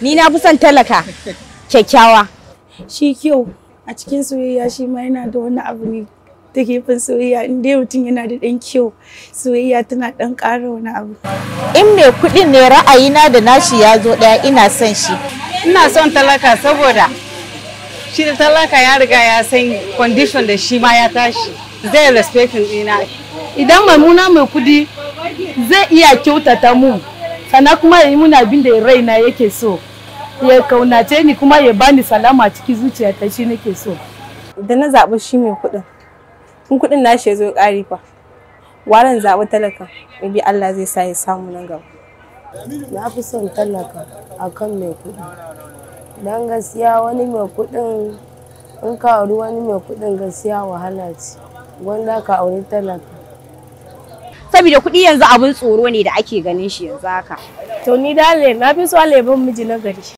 Ni na fi son talaka kyakkyawa. Shi kyau a cikin soyayya shi ma yana da wani abu ne ta gefen soyayya in dai mutum yana da ɗan kyau soyayya tana ɗan ƙara wani abu. In mai kuɗin ne ra'ayina da nashi ya zo ɗaya ina son shi. Ina son talaka saboda shi da talaka ya riga ya san condition da shi ma ya tashi zai respectin ɗina. Idan muna mai kudi zai iya kyautata mu. sannan kuma ya yi muna abin da raina yake so ya kaunace ni kuma ya bani salama cikin ta shi nake so da na zaɓi shi mai kuɗin in kuɗin na shi ya zo ƙari fa waran zaɓi talaka bi Allah zai sa ya samu nan gaba na fi son talaka akan mai kuɗi dan gaskiya wani mai kuɗin in ka auri wani mai kuɗin gaskiya wahala ce gwanda ka auri talaka saboda kuɗi yanzu abin tsoro ne da ake ganin shi yanzu haka to ni dale na fi so lebon miji na gari